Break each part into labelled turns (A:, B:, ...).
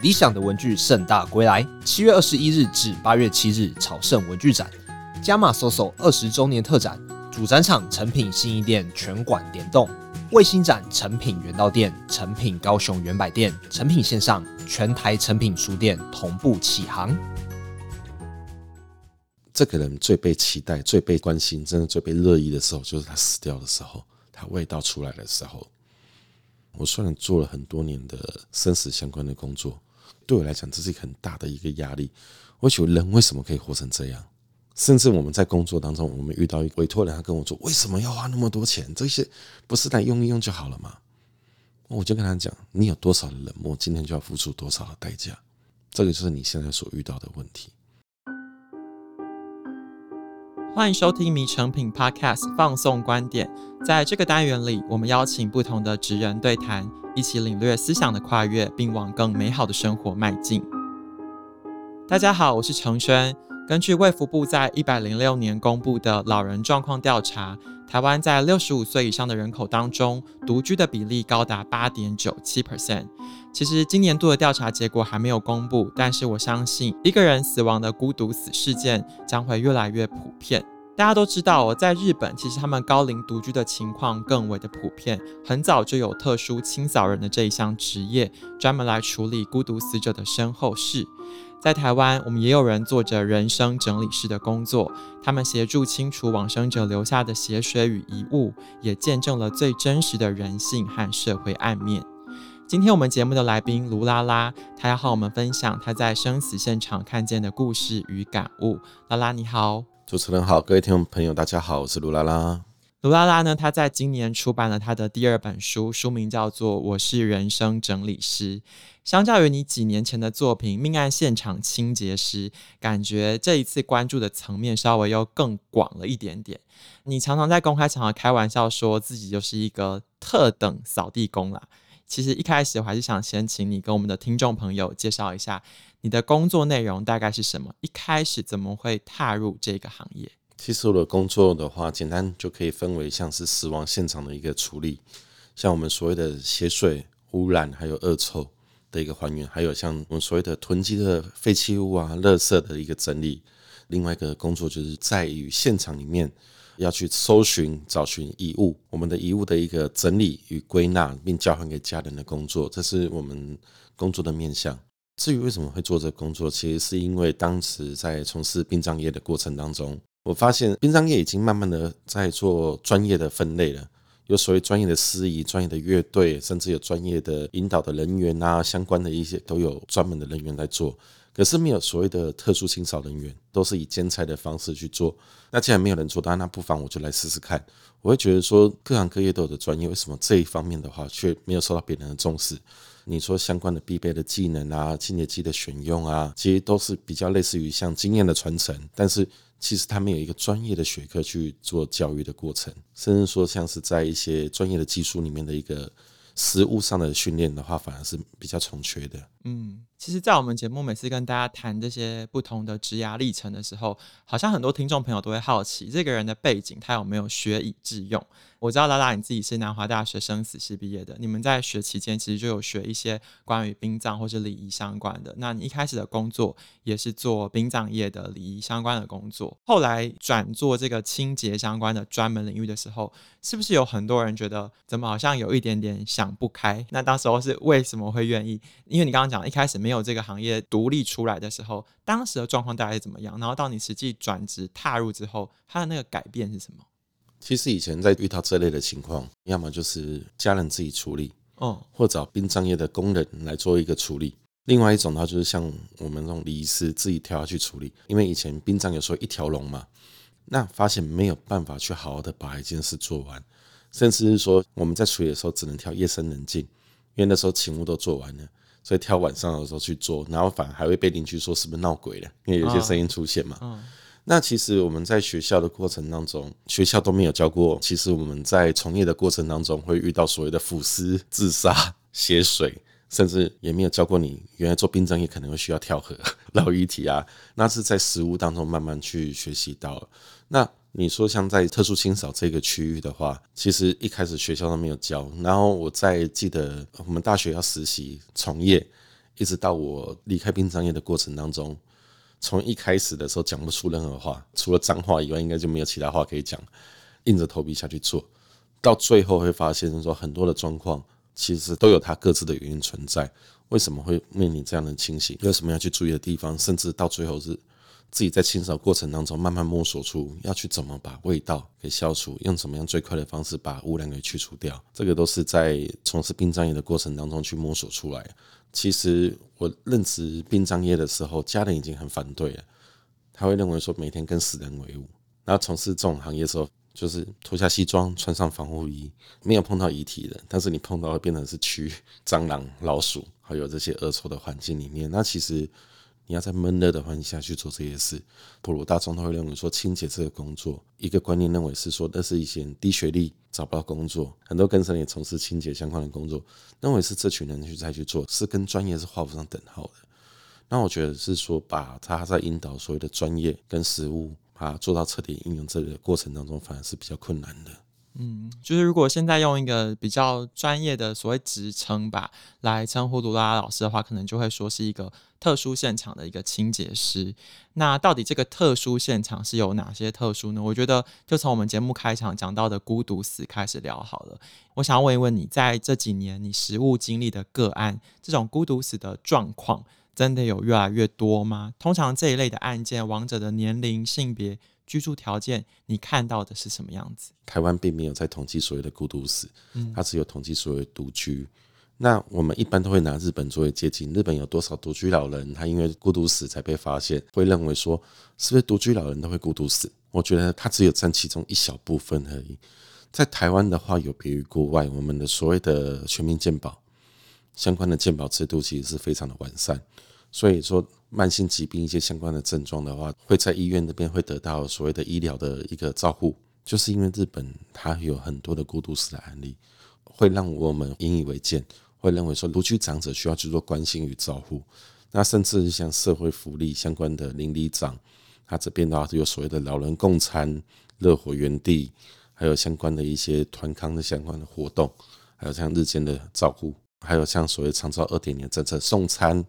A: 理想的文具盛大歸來，七月二十一日至八月七日，朝聖文具展、加碼 SO SO 二十周年特展，主展場誠品信義店全館聯動，衛星展誠品圓道店、誠品高雄原百店、誠品線上全台誠品書店同步起航。
B: 這個人最被期待、最被關心，真的最被熱議的時候，就是他死掉的時候，他味道出來的時候。我雖然做了很多年的生死相關的工作。對我來講，這是一個很大的一個壓力。我求人為什麼可以活成這樣？甚至我們在工作當中，我們遇到一個委托人，他跟我說：“為什麼要花那麼多錢？這些不是來用一用就好了嗎？”我就跟他講：“你有多少的冷漠，今天就要付出多少的代價。”這個就是你現在所遇到的問題。
A: 歡迎收聽《迷誠品 Podcast》放送觀點，在這個單元裡，我們邀請不同的職人對談。一起領略思想的跨越，並往更美好的生活邁進。大家好，我是承軒。根據衛福部在一百零六年公布的老人狀況調查，台灣在六十五歲以上的人口當中，獨居的比例高達八點九七 percent。其實，今年度的調查結果還沒有公布，但是我相信，一個人死亡的孤獨死事件將會越來越普遍。大家都知道，在日本，其實他們高齡獨居的情況更為的普遍。很早就有特殊清掃人的這一項職業，專門來處理孤獨死者的身後事。在台灣，我們也有人做着人生整理師的工作，他們協助清除往生者留下的血水與遺物，也見證了最真實的人性和社會暗面。今天我們節目的來賓盧拉拉，他要和我們分享他在生死現場看見的故事與感悟。拉拉，你好。
B: 主持人好，各位聽眾朋友，大家好，我是盧拉拉。
A: 盧拉拉呢，他在今年出版了他的第二本書，書名叫做《我是人生整理師》。相較於你幾年前的作品《命案現場清潔師》，感覺這一次關注的層面稍微又更廣了一點點。你常常在公開場合開玩笑說自己就是一個特等掃地工啦。其實一開始我還是想先請你跟我們的聽眾朋友介紹一下。你的工作內容大概是什麼？一開始怎麼會踏入這個行業？
B: 其實我的工作的話，簡單就可以分為像是死亡現場的一個處理，像我們所謂的血水汙染，還有惡臭的一個還原，還有像我們所謂的囤積的廢棄物啊、垃圾的一個整理。另外一個工作就是在於現場裡面要去搜尋、找尋遺物，我們的遺物的一個整理與歸納，並交還給家人的工作，這是我們工作的面向。至於為什麼會做這個工作，其實是因為當時在從事殯葬業的過程當中，我發現殯葬業已經慢慢的在做專業的分類了，有所謂專業的司儀、專業的樂隊，甚至有專業的引導的人員啊，相關的一些都有專門的人員在做。可是沒有所謂的特殊清掃人員，都是以兼差的方式去做。那既然沒有人做到，那不妨我就來試試看。我會覺得說，各行各業都有的專業，為什麼這一方面的話卻沒有受到別人的重視？你說相關的必備的技能啊，清潔劑的選用啊，其實都是比較類似於像經驗的傳承，但是其實他們有一個專業的學科去做教育的過程，甚至說像是在一些專業的技術裡面的一個實務上的訓練的話，反而是比較欠缺的。
A: 嗯。其實，在我們節目每次跟大家談這些不同的職涯歷程的時候，好像很多聽眾朋友都會好奇這個人的背景，他有沒有學以致用？我知道拉拉你自己是南華大學生死系畢業的，你們在學期間其實就有學一些關於殯葬或是禮儀相關的。那你一開始的工作也是做殯葬業的禮儀相關的工作，後來轉做這個清潔相關的專門領域的時候，是不是有很多人覺得怎麼好像有一點點想不開？那當時候是為什麼會願意？因為你剛剛講一開始沒。沒有這個行業獨立出來的時候，當時的狀況大概是怎麼樣？然後到你實際轉職踏入之後，它的那個改變是什麼？
B: 其實以前在遇到這類的情況，要麼就是家人自己處理，哦，或找殯葬業的工人來做一個處理。另外一種的話，就是像我們這種禮儀師自己跳下去處理。因為以前殯葬有時候一條龍嘛，那發現沒有辦法去好好的把一件事做完，甚至是說我們在處理的時候只能挑夜深人靜，因為那時候勤務都做完了。所以挑晚上的時候去做，然後反而還會被鄰居說是不是鬧鬼了，因為有些聲音出現嘛。啊嗯、那其實我們在學校的過程當中，學校都沒有教過。其實我們在從業的過程當中，會遇到所謂的腐屍、自殺、血水，甚至也沒有教過你原來做殯葬業可能會需要跳河撈遺體啊。那是在實務當中慢慢去學習到。那。你說像在特殊清掃這個區域的話，其實一開始學校都沒有教。然後我在記得我們大學要實習從業，一直到我離開殯葬業的過程當中，從一開始的時候講不出任何話，除了髒話以外，應該就沒有其他話可以講。硬着頭皮下去做，到最後會發現說很多的狀況其實都有它各自的原因存在。為什麼會面臨這樣的情形？有什麼要去注意的地方？甚至到最後是。自己在清掃過程當中，慢慢摸索出要去怎麼把味道給消除，用怎麼樣最快的方式把污染給去除掉。這個都是在從事殯葬業的過程當中去摸索出來的。其實我認識殯葬業的時候，家人已經很反對了，他會認為說每天跟死人為伍，那從事這種行業的時候，就是脫下西裝，穿上防護衣，沒有碰到遺體的，但是你碰到會變成是蛆、蟑螂、老鼠，還有這些惡臭的環境裡面，那其實。你要在悶熱的環境下去做這些事，普羅大眾都會認為說清潔這個工作，一個觀念認為是說那是一些低學歷找不到工作，很多跟生也從事清潔相關的工作，認為是這群人去再去做，是跟專業是畫不上等號的。那我覺得是說，把他在引導所謂的專業跟實務，把它做到徹底應用這個過程當中，反而是比較困難的。
A: 嗯，就是如果現在用一個比較專業的所謂職稱吧，來稱呼盧拉拉老師的話，可能就會說是一個特殊現場的一個清潔師。那到底這個特殊現場是有哪些特殊呢？我覺得就從我們節目開場講到的孤獨死開始聊好了。我想要問一問你，在這幾年你實務經歷的個案，這種孤獨死的狀況真的有越來越多嗎？通常這一類的案件，亡者的年齡、性別。居住條件，你看到的是什麼樣子？
B: 台灣並沒有在統計所謂的孤獨死，它只有統計所謂的獨居。嗯，那我們一般都會拿日本作為借鏡，日本有多少獨居老人？他因為孤獨死才被發現，會認為說是不是獨居老人都會孤獨死？我覺得他只有占其中一小部分而已。在台灣的話，有別於國外，我們的所謂的全民健保相關的健保制度其實是非常的完善，所以說，慢性疾病一些相關的症狀的話，會在醫院那邊會得到所謂的醫療的一個照護，就是因為日本它有很多的孤獨死的案例，會讓我們引以為戒，會認為說獨居長者需要去做關心與照護。那甚至像社會福利相關的鄰里長，他這邊的話是有所謂的老人共餐、樂活園地，還有相關的一些團康的相關的活動，還有像日間的照護，還有像所謂長照二點零政策送餐。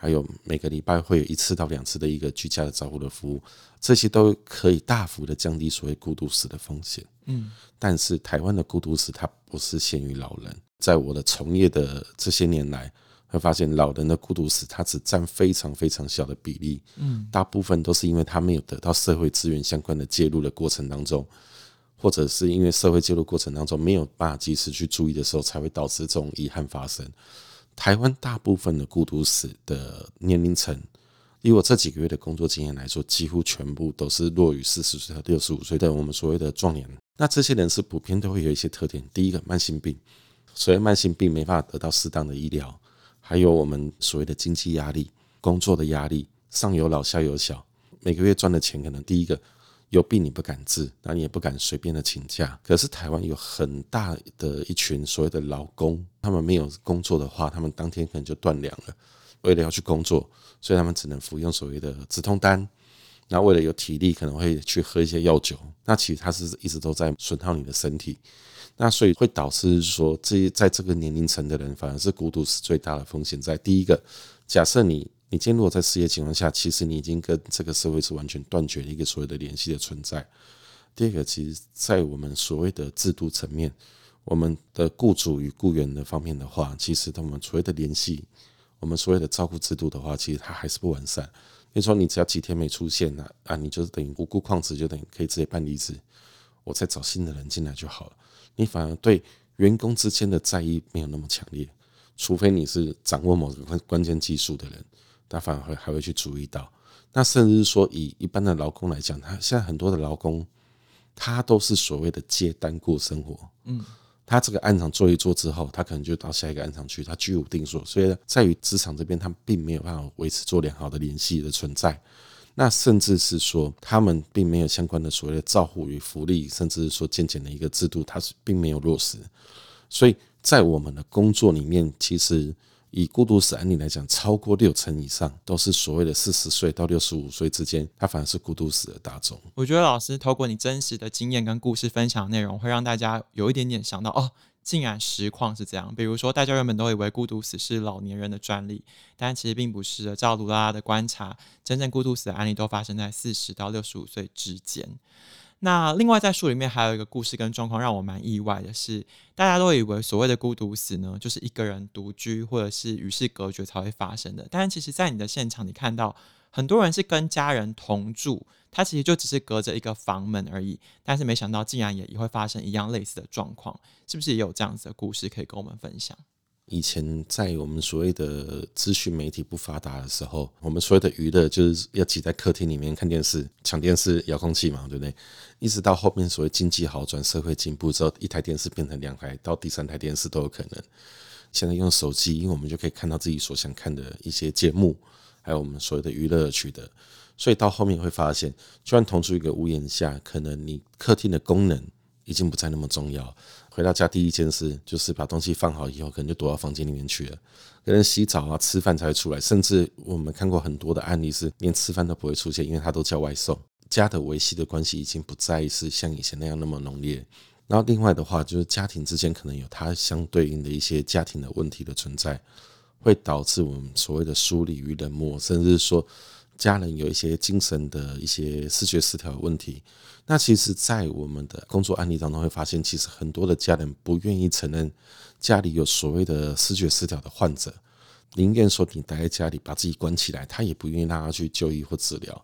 B: 還有每個禮拜會有一次到兩次的一個居家的照顧的服務，這些都可以大幅的降低所謂孤獨死的風險。嗯，但是台灣的孤獨死它不是限於老人，在我的從業的這些年來，會發現老人的孤獨死它只占非常非常小的比例。嗯，大部分都是因為他沒有得到社會資源相關的介入的過程當中，或者是因為社會介入過程當中沒有辦法及時去注意的時候，才會導致這種遺憾發生。台灣大部分的孤獨死的年齡層，以我這幾個月的工作經驗來說，幾乎全部都是落於四十歲到六十五歲的我們所謂的壯年。那這些人是普遍都會有一些特點，第一個，慢性病，所以慢性病沒辦法得到適當的醫療，還有我們所謂的經濟壓力、工作的壓力，上有老下有小，每個月賺的錢可能第一個。有病你不敢治，那你也不敢隨便的請假。可是台灣有很大的一群所謂的勞工，他們沒有工作的話，他們當天可能就斷糧了。為了要去工作，所以他們只能服用所謂的止痛丹。那為了有體力，可能會去喝一些藥酒。那其實它是一直都在損耗你的身體。那所以會導致說，這些在這個年齡層的人，反而是孤獨是最大的風險。在第一個，假設你。你今天如果在失業情況下，其實你已經跟這個社會是完全斷絕了一個所謂的聯繫的存在。第二個，其實在我們所謂的制度層面，我們的僱主與僱員的方面的話，其實我們所謂的聯繫，我們所謂的照顧制度的話，其實它還是不完善。你說你只要幾天沒出現了，啊，啊，你就等於無故曠職，就等於可以直接辦離職，我再找新的人進來就好了。你反而對員工之間的在意沒有那麼強烈，除非你是掌握某個關關鍵技術的人。他反而會還會去注意到，那甚至是說，以一般的勞工來講，他現在很多的勞工，他都是所謂的接單過生活，嗯，他這個案場做一做之後，他可能就到下一個案場去，他居無定所，所以在於職場這邊，他並沒有辦法維持做良好的聯繫的存在。那甚至是說，他們並沒有相關的所謂的照護與福利，甚至是說健全的一個制度，它是並沒有落實。所以在我們的工作裡面，其實。以孤獨死案例來講，超過六成以上都是所謂的四十歲到六十五歲之間，他反而是孤獨死的大宗。
A: 我覺得老師透過你真實的經驗跟故事分享內容，會讓大家有一點點想到哦，竟然實況是這樣。比如說，大家原本都以為孤獨死是老年人的專利，但其實並不是的。照盧拉拉的觀察，真正孤獨死的案例都發生在四十到六十五歲之間。那另外在書裡面還有一個故事跟狀況讓我蠻意外的是，大家都以為所謂的孤獨死呢，就是一個人獨居或者是與世隔絕才會發生的。但是其實，在你的現場你看到很多人是跟家人同住，他其實就只是隔着一個房門而已。但是沒想到竟然也，也會發生一樣類似的狀況，是不是也有這樣子的故事可以跟我們分享？
B: 以前在我們所謂的資訊媒體不發達的時候，我們所謂的娛樂就是要擠在客廳裡面看電視、搶電視遙控器嘛，對不對？一直到後面所謂經濟好轉、社會進步之後，一台電視變成兩台，到第三台電視都有可能。現在用手機，因為我們就可以看到自己所想看的一些節目，還有我們所謂的娛樂取得，所以到後面會發現，就算同住一個屋檐下，可能你客廳的功能已經不再那麼重要。回到家第一件事就是把東西放好以後，可能就躲到房間裡面去了。可能洗澡啊、吃飯才會出來，甚至我們看過很多的案例是連吃飯都不會出現，因為它都叫外送。家的維繫的關係已經不再是像以前那樣那麼濃烈。然後另外的話，就是家庭之間可能有它相對應的一些家庭的問題的存在，會導致我們所謂的疏離與冷漠，甚至說家人有一些精神的一些思覺失調的問題。那其實，在我們的工作案例當中，會發現，其實很多的家人不願意承認家裡有所謂的思覺失調的患者，寧願說你待在家裡，把自己關起來，他也不願意讓他去就醫或治療。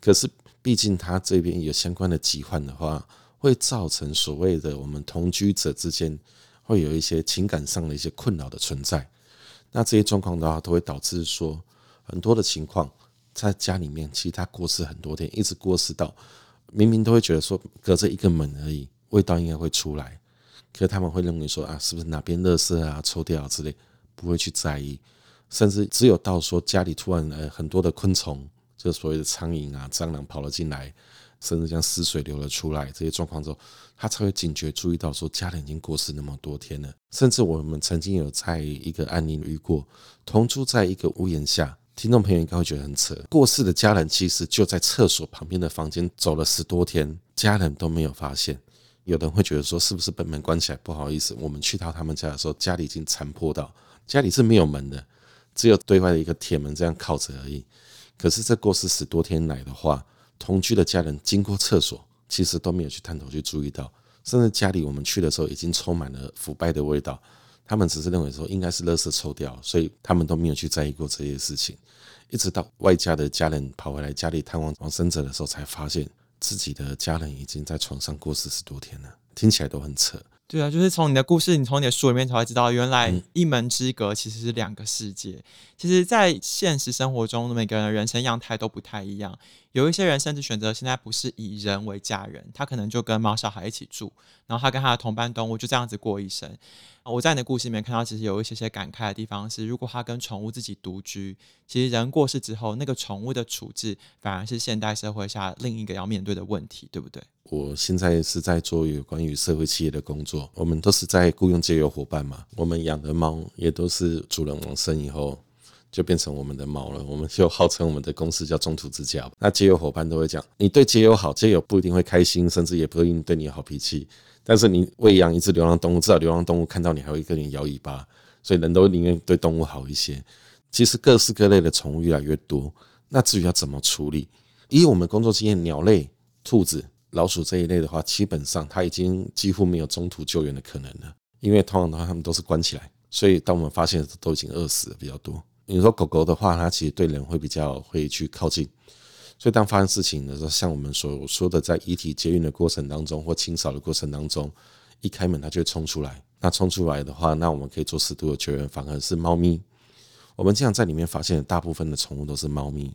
B: 可是畢竟他這邊有相關的疾患的話，會造成所謂的我們同居者之間會有一些情感上的一些困擾的存在。那這些狀況的話，都會導致說很多的情況在家裡面，其實他過世很多天，一直過世到。明明都會覺得說隔着一個門而已，味道應該會出來，可是他們會認為說啊，是不是哪邊垃圾啊抽掉之類，不會去在意，甚至只有到說家裡突然呃很多的昆蟲，就所謂的蒼蠅啊、蟑螂跑了進來，甚至將屍水流了出來這些狀況之後，他才會警覺注意到說家裡已經過世那麼多天了，甚至我們曾經有在一個案例遇過，同住在一個屋檐下。聽眾朋友應該會覺得很扯，過世的家人其實就在廁所旁邊的房間走了十多天，家人都沒有發現。有人會覺得說，是不是把門關起來不好意思？我們去到他們家的時候，家裡已經殘破到家裡是沒有門的，只有對外的一個鐵門這樣靠着而已。可是這過世十多天來的話，同居的家人經過廁所，其實都沒有去探頭去注意到，甚至家裡我們去的時候已經充滿了腐敗的味道。他們只是認為說應該是垃圾臭掉，所以他們都沒有去在意過這些事情，一直到外家的家人跑回來家裡探望往生者的時候，才發現自己的家人已經在床上過四十多天了，聽起來都很扯。
A: 對啊，就是從你的故事，你從你的書裡面才會知道，原來一門之隔其實是兩個世界。嗯、其實，在現實生活中，每個人的人生樣態都不太一樣。有一些人甚至選擇現在不是以人為家人，他可能就跟貓小孩一起住，然後他跟他的同伴動物就這樣子過一生。我在你的故事裡面看到，其實有一些些感慨的地方是，如果他跟寵物自己獨居，其實人過世之後，那個寵物的處置反而是現代社會下另一個要面對的問題，對不對？
B: 我現在是在做有關於社會企業的工作，我們都是在僱傭街友夥伴嘛，我們養的貓也都是主人往生以後，就變成我們的貓了，我們就號稱我們的公司叫中途之家。那街友夥伴都會講，你對街友好，街友不一定會開心，甚至也不一定對你有好脾氣。但是你餵養一隻流浪動物，至少流浪動物看到你還會跟你搖尾巴，所以人都寧願對動物好一些。其實各式各類的寵物越來越多，那至於要怎麼處理？以我們工作經驗，鳥類、兔子、老鼠這一類的話，基本上他已經幾乎沒有中途救援的可能了，因為通常的話他們都是關起來，所以當我們發現的都已經餓死了比較多。你說狗狗的話，它其實對人會比較會去靠近，所以當發生事情的時候，像我們所說的，在遺體接運的過程當中或清掃的過程當中，一開門它就會衝出來。那衝出來的話，那我們可以做適度的確認，反而是貓咪，我們經常在裡面發現的大部分的寵物都是貓咪。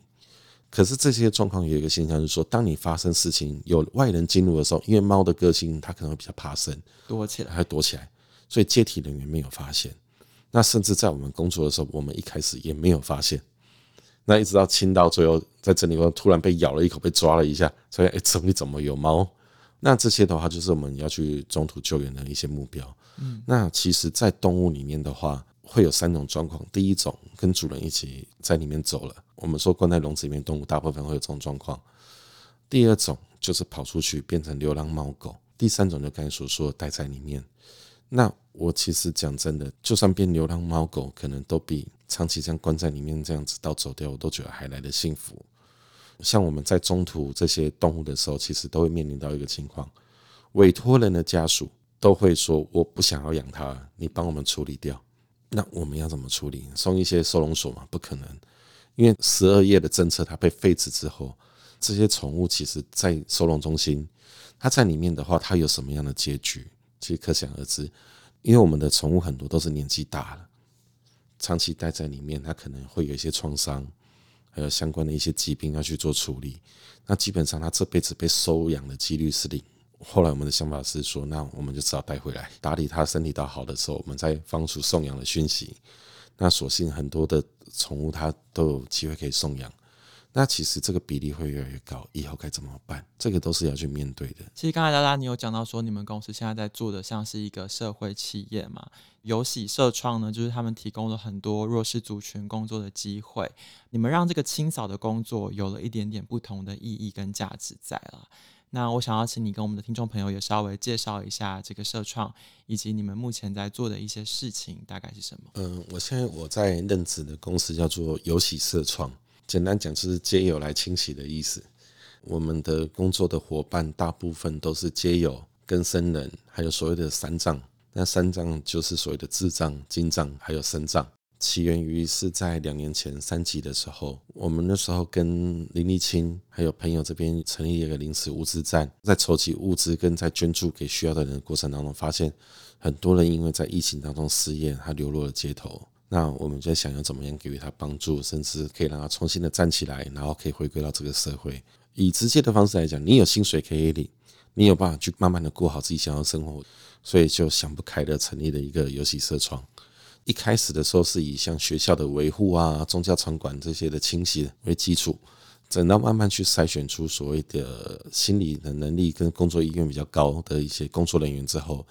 B: 可是這些狀況有一個現象，就是說，當你發生事情有外人進入的時候，因為貓的個性，它可能會比較怕生，
A: 躲起來，它
B: 躲起來，所以接體人員沒有發現。那甚至在我們工作的時候，我們一開始也沒有發現。那一直到清到最後，在這裡突然被咬了一口，被抓了一下，所以怎麼、欸、怎麼有貓？那這些的話就是我們要去中途救援的一些目標。嗯，那其實，在動物裡面的話，會有三種狀況：第一種跟主人一起在裡面走了；我們說關在籠子裡面動物，大部分會有這種狀況。第二種就是跑出去變成流浪貓狗；第三種就剛才所說的待在裡面。那我其實講真的，就算變流浪貓狗，可能都比長期這樣關在裡面這樣子到走掉，我都覺得還來得幸福。像我們在中途這些動物的時候，其實都會面臨到一個情況，委托人的家屬都會說：“我不想要養它，你幫我們處理掉。”那我們要怎麼處理？送一些收容所嗎？不可能，因為十二夜的政策它被廢止之後，這些寵物其實，在收容中心，它在裡面的話，它有什麼樣的結局？其實可想而知，因為我們的寵物很多都是年紀大了，長期待在裡面，它可能會有一些創傷，還有相關的一些疾病要去做處理。那基本上它這輩子被收養的幾率是零。後來我們的想法是說，那我們就只好帶回來，打理它身體到好的時候，我們再放出送養的訊息。那所幸很多的寵物它都有機會可以送養。那其實這個比例會越來越高，以後該怎麼辦？這個都是要去面對的。
A: 其實剛才拉拉你有講到說，你們公司現在在做的像是一個社會企業嘛，有喜社創呢，就是他們提供了很多弱勢族群工作的機會。你們讓這個清掃的工作有了一點點不同的意義跟價值在了。那我想要請你跟我們的聽眾朋友也稍微介紹一下這個社創，以及你們目前在做的一些事情大概是什
B: 麼？嗯、呃，我現在我在任職的公司叫做有喜社創。簡單講，就是街友來清洗的意思。我們的工作的夥伴大部分都是街友跟僧人，還有所謂的三障，那三障就是所謂的智障、精障，還有身障。起源於是在兩年前三級的時候，我們那時候跟林立清還有朋友這邊成立一個臨時物資站，在籌集物資跟在捐助給需要的人過程當中，發現很多人因為在疫情當中失業，他流落了街頭。那我們就想要怎麼樣給予他幫助，甚至可以讓他重新的站起來，然後可以回歸到這個社會。以直接的方式來講，你有薪水可以領，你有辦法去慢慢的過好自己想要的生活，所以就想不開的成立了一個遊戲社創。一開始的時候是以像學校的維護啊、宗教場館這些的清洗為基礎，等到慢慢去篩選出所謂的心理的能力跟工作意願比較高的一些工作人員之後。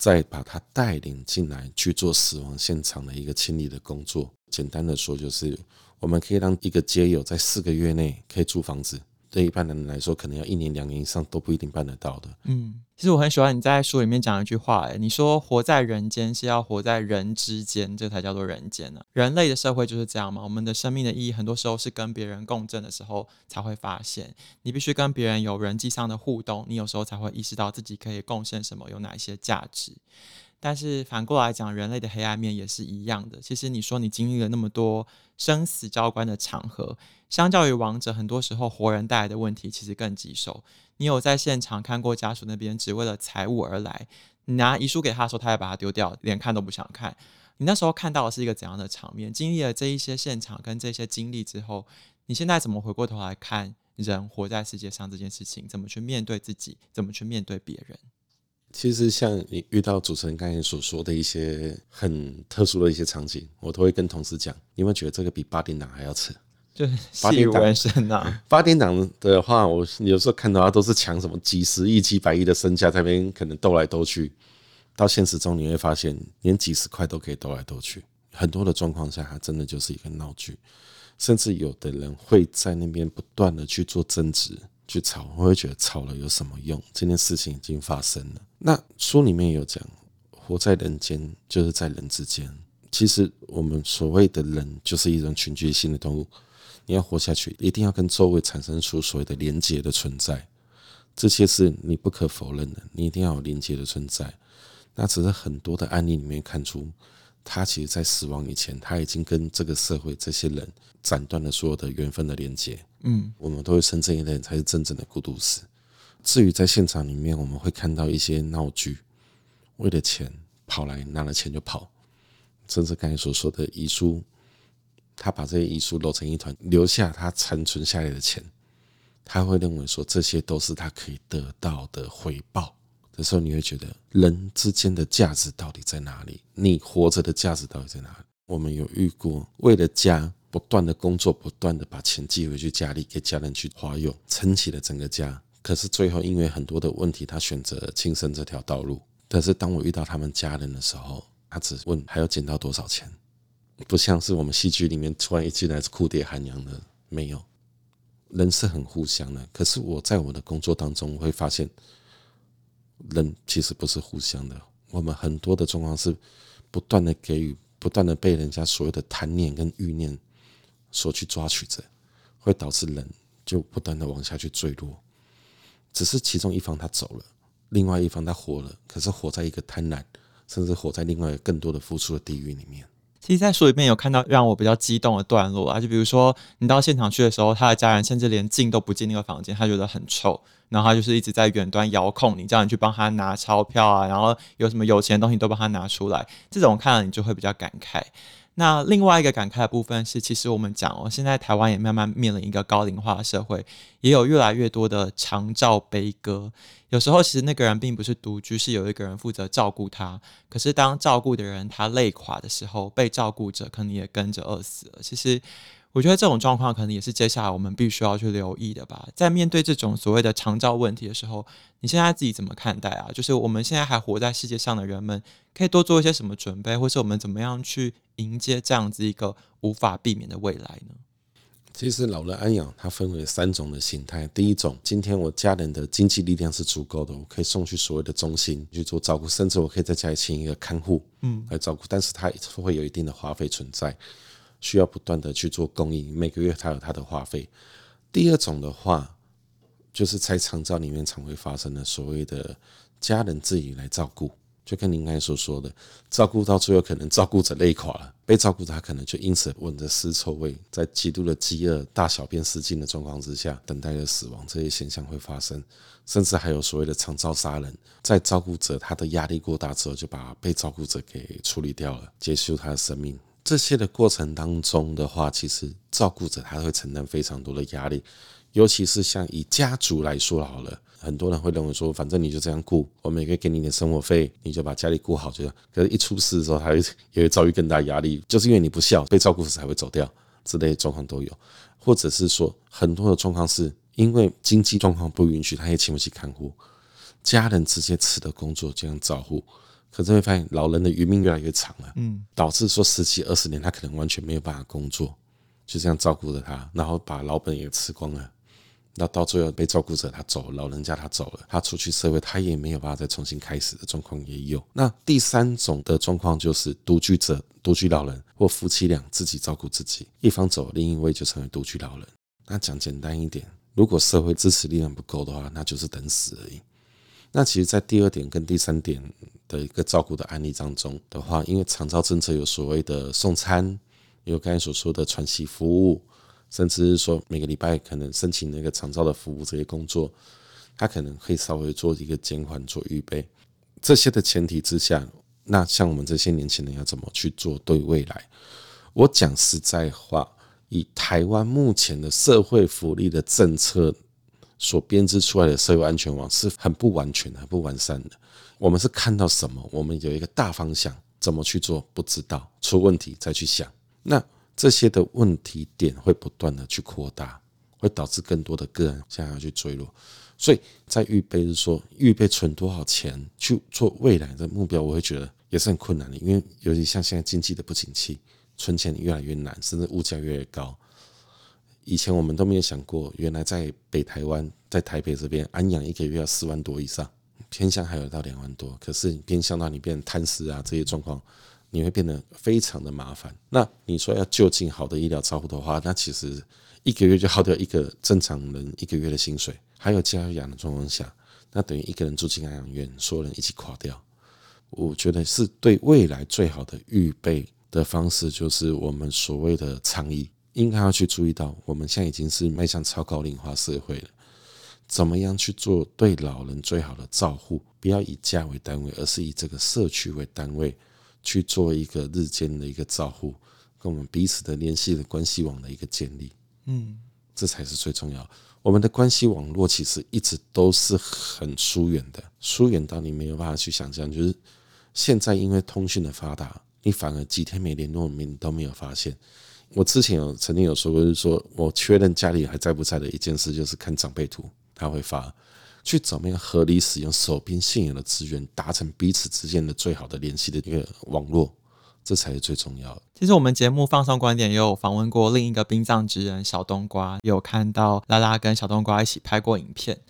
B: 再把他帶領進來去做死亡現場的一個清理的工作。簡單的說，就是我們可以讓一個街友在四個月內可以租房子。對一般人來說，可能要一年兩年以上都不一定辦得到的。
A: 嗯，其實我很喜歡你在書裡面講一句話。欸，誒，你說活在人間是要活在人之間，這才叫做人間呢、啊。人類的社會就是這樣嘛。我們的生命的意義，很多時候是跟別人共振的時候才會發現。你必須跟別人有人際上的互動，你有時候才會意識到自己可以貢獻什麼，有哪一些價值。但是反過來講，人類的黑暗面也是一樣的。其實你說你經歷了那麼多生死交關的場合，相較於亡者，很多時候活人帶來的問題其實更棘手。你有在現場看過家屬那邊只為了財物而來，你拿遺書給他的時候，他也把它丟掉，連看都不想看。你那時候看到的是一個怎樣的場面？經歷了這一些現場跟這些經歷之後，你現在怎麼回過頭來看人活在世界上這件事情？怎麼去面對自己？怎麼去面對別人？
B: 其實像你遇到主持人剛才所說的一些很特殊的一些場景，我都會跟同事講，你有沒有覺得這個比八點檔還要扯？就是八點檔啊，八點檔的話，我有時候看到他都是搶什麼幾十億、幾百億的身價在那邊可能鬥來鬥去。到現實中你會發現，連幾十塊都可以鬥來鬥去。很多的狀況下，還真的就是一個鬧劇。甚至有的人會在那邊不斷的去做增值。去吵，我會覺得吵了有什麼用？這件事情已經發生了。那書裡面有講，活在人間就是在人之間。其實我們所謂的人，就是一種群居性的動物。你要活下去，一定要跟周圍產生出所謂的連接的存在。這些是你不可否認的，你一定要有連接的存在。那只是很多的案例裡面看出。他其實，在死亡以前，他已經跟這個社會這些人斬斷了所有的緣分的連接。嗯，我們都會稱這一類人才是真正的孤獨死。至於在現場裡面，我們會看到一些鬧劇，為了錢跑來拿了錢就跑，甚至剛才所說的遺書，他把這些遺書揉成一團，留下他殘存下來的錢，他會認為說這些都是他可以得到的回報。有時候，你會覺得人之間的價值到底在哪裡？你活着的價值到底在哪裡？我們有遇過為了家不斷的工作，不斷的把錢寄回去家裡給家人去花用，撐起了整個家。可是最後因為很多的問題，他選擇輕生這條道路。但是當我遇到他們家人的時候，他只問還要撿到多少錢，不像是我們戲劇裡面突然一進來是哭爹喊娘的。沒有人是很互相的。可是我在我的工作當中會發現。人其實不是互相的，我們很多的狀況是不斷的給予，不斷的被人家所謂的貪念跟欲念所去抓取着，會導致人就不斷的往下去墜落。只是其中一方他走了，另外一方他活了，可是活在一個貪婪，甚至活在另外更多的付出的地獄裡面。
A: 其實，在書裡面有看到讓我比較激動的段落啊，就比如說你到現場去的時候，他的家人甚至連進都不進那個房間，他覺得很臭。然後他就是一直在遠端遙控你，叫你去幫他拿鈔票啊，然後有什麼有錢的東西都幫他拿出來。這種看了你就會比較感慨。那另外一個感慨的部分是，其實我們講哦，現在台灣也慢慢面臨一個高齡化的社會，也有越來越多的長照悲歌。有時候其實那個人並不是獨居，是有一個人負責照顧他。可是當照顧的人他累垮的時候，被照顧者可能也跟着餓死了。其實。我覺得這種狀況可能也是接下來我們必須要去留意的吧。在面對這種所謂的長照問題的時候，你現在自己怎麼看待啊？就是我們現在還活在世界上的人們，可以多做一些什麼準備，或是我們怎麼樣去迎接這樣子一個無法避免的未來呢？其實老
B: 人安養它分為三種的形態。第一種，今天我家人的經濟力量是足夠的，我可以送去所謂的中心去做照顧，甚至我可以在家裡請一個看護，嗯，來照顧，但是它會有一定的花費存在。需要不斷的去做供應，每個月他有他的花費。第二種的話，就是在長照裡面常會發生的所謂的家人自己來照顧，就跟您剛才所說的，照顧到最後可能照顧者累垮了，被照顧者他可能就因此聞着屍臭味，在極度的飢餓、大小便失禁的狀況之下等待着死亡，這些現象會發生，甚至還有所謂的長照殺人，在照顧者他的壓力過大之後，就把被照顧者給處理掉了，結束他的生命。這些的過程當中的話，其實照顧者他會承擔非常多的壓力，尤其是像以家族來說好了，很多人會認為說，反正你就這樣顧，我們也可以給你一點生活費，你就把家裡顧好就了。可是，一出事的時候，他也會也會遭遇更大壓力，就是因為你不孝，被照顧者才會走掉，這類的狀況都有，或者是說，很多的狀況是因為經濟狀況不允許，他也請不起看護，家人直接辭了工作，這樣照顧。可是會發現，老人的餘命越來越長了，嗯，導致說十幾二十年，他可能完全沒有辦法工作，就這樣照顧着他，然後把老本也吃光了。那到最後被照顧者他走，老人家他走了，他出去社會，他也沒有辦法再重新開始的狀況也有。那第三種的狀況就是獨居者、獨居老人或夫妻倆自己照顧自己，一方走，另一位就成為獨居老人。那講簡單一點，如果社會支持力量不夠的話，那就是等死而已。那其實，在第二點跟第三點的一個照顧的案例當中的話，因為長照政策有所謂的送餐，有剛才所說的喘息服務，甚至是說每個禮拜可能申請那個長照的服務，這些工作，他可能會稍微做一個減緩做預備。這些的前提之下，那像我們這些年輕人要怎麼去做？對未來，我講實在話，以台灣目前的社會福利的政策，所編織出來的社會安全網是很不完全、很不完善的。我們是看到什麼？我們有一個大方向，怎麼去做不知道，出問題再去想。那這些的問題點會不斷的去擴大，會導致更多的個案，在要去墜落。所以在預備是說，預備存多少錢去做未來的目標，我會覺得也是很困難的，因為尤其像現在經濟的不景氣，存錢越來越難，甚至物價越來越高。以前我們都沒有想過，原來在北台灣，在台北這邊，安養一個月要四萬多以上，偏鄉還有到兩萬多。可是偏向到你變貪食啊，這些狀況，你會變得非常的麻煩。那你說要就近好的醫療照顧的話，那其實一個月就耗掉一個正常人一個月的薪水，還有家養的狀況下，那等於一個人住進安養院，所有人一起垮掉。我覺得是對未來最好的預備的方式，就是我們所謂的倡議。應該要去注意到，我們現在已經是邁向超高齡化社會了。怎麼樣去做對老人最好的照護？不要以家為單位，而是以這個社區為單位去做一個日間的一個照護，跟我們彼此的聯繫的關係網的一個建立。嗯，這才是最重要。我們的關係網絡其實一直都是很疏遠的，疏遠到你沒有辦法去想象。就是現在因為通訊的發達，你反而幾天沒聯絡，你都沒有發現。我之前有曾經有說過，就是說我確認家裡還在不在的一件事，就是看長輩圖，他會發，去怎麼樣合理使用手邊現有的資源，達成彼此之間的最好的聯繫的一個網絡，這才是最重要的。
A: 其實我們節目放送觀點也有訪問過另一個殯葬職人小冬瓜，有看到拉拉跟小冬瓜一起拍過影片。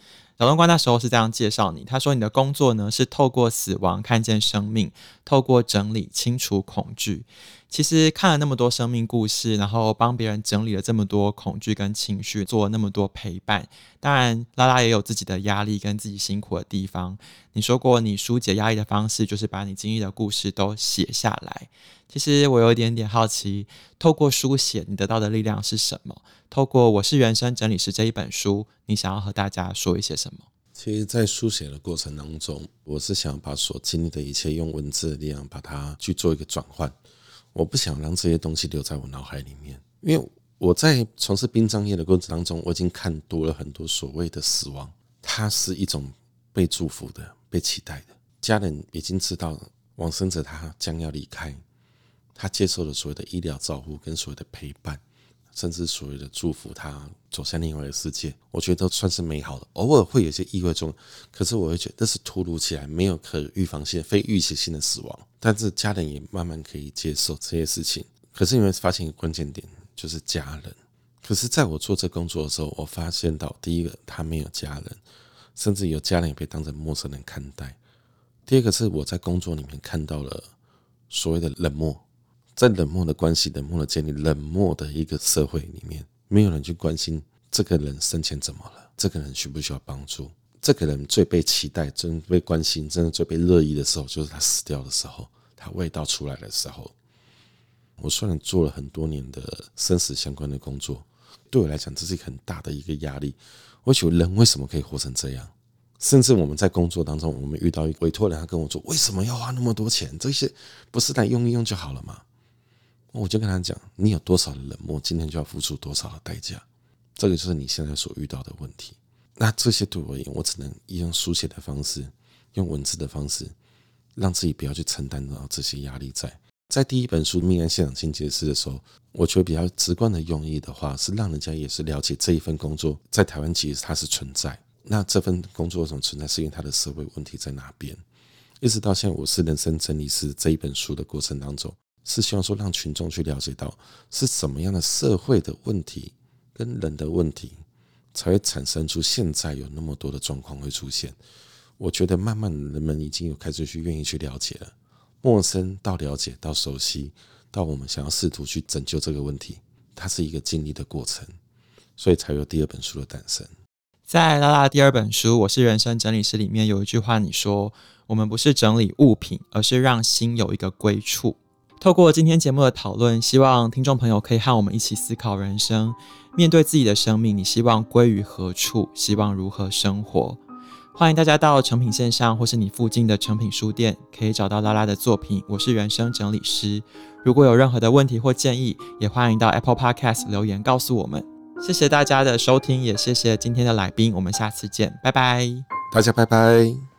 A: 小冬瓜那時候是這樣介紹你，他說你的工作呢，是透過死亡看見生命，透過整理清除恐懼。其實看了那麼多生命故事，然後幫別人整理了這麼多恐懼跟情緒，做了那麼多陪伴。當然，拉拉也有自己的壓力跟自己辛苦的地方。你說過，你紓解壓力的方式就是把你經歷的故事都寫下來。其實我有一點點好奇，透過書寫，你得到的力量是什麼？透過《我是人生整理師》這一本書，你想要和大家說一些什麼？
B: 其實，在書寫的過程當中，我是想把所經歷的一切用文字的力量把它去做一個轉換。我不想讓這些東西留在我腦海裡面，因為，我在從事殯葬業的過程當中，我已經看多了很多所謂的死亡，它是一種被祝福的、被期待的。家人已經知道了往生者他將要離開，他接受了所謂的醫療照顧跟所謂的陪伴，甚至所謂的祝福他走向另外的世界。我覺得都算是美好的。偶爾會有些意外中，可是我會覺得這是突如其來、沒有可預防性、非預期性的死亡。但是家人也慢慢可以接受這些事情。可是你會發現一個關鍵點。就是家人，可是，在我做這工作的時候，我發現到，第一個，他沒有家人，甚至有家人也被當成陌生人看待。第二個是我在工作裡面看到了所謂的冷漠，在冷漠的關係、冷漠的建立、冷漠的一個社會裡面，沒有人去關心這個人生前怎麼了，這個人需不需要幫助，這個人最被期待、最被關心、真的最被樂意的時候，就是他死掉的時候，他味道出來的時候。我雖然做了很多年的生死相關的工作，對我來講，這是一個很大的一個壓力。我求人為什麼可以活成這樣？甚至我們在工作當中，我們遇到一個委託人，他跟我說：“為什麼要花那麼多錢？這些不是來用一用就好了嗎？”我就跟他講：“你有多少的冷漠，今天就要付出多少的代價。這個就是你現在所遇到的問題。那這些對我而言，我只能用書寫的方式，用文字的方式，讓自己不要去承擔到這些壓力在。”在第一本書《命案現場清潔師》的時候，我覺得比較直觀的用意的話，是讓人家也是了解這一份工作在台灣其實它是存在。那這份工作為什麼存在，是因為它的社會問題在哪邊？一直到現在，我是人生整理師這一本書的過程當中，是希望說讓群眾去了解到是什麼樣的社會的問題跟人的問題，才會產生出現在有那麼多的狀況會出現。我覺得慢慢人們已經有開始去願意去了解了。陌生到了解，到熟悉，到我們想要試圖去拯救這個問題，它是一個經歷的過程，所以才有第二本書的誕生。
A: 在拉拉第二本書《我是人生整理師》裡面有一句話，你說：“我們不是整理物品，而是讓心有一個歸處。”透過今天節目的討論，希望聽眾朋友可以和我們一起思考人生，面對自己的生命，你希望歸於何處？希望如何生活？歡迎大家到誠品線上或是你附近的誠品書店，可以找到拉拉的作品。我是人生整理師。如果有任何的問題或建議，也歡迎到 Apple Podcast 留言告訴我們。謝謝大家的收聽，也謝謝今天的來賓，我們下次見，拜拜，
B: 大家拜拜。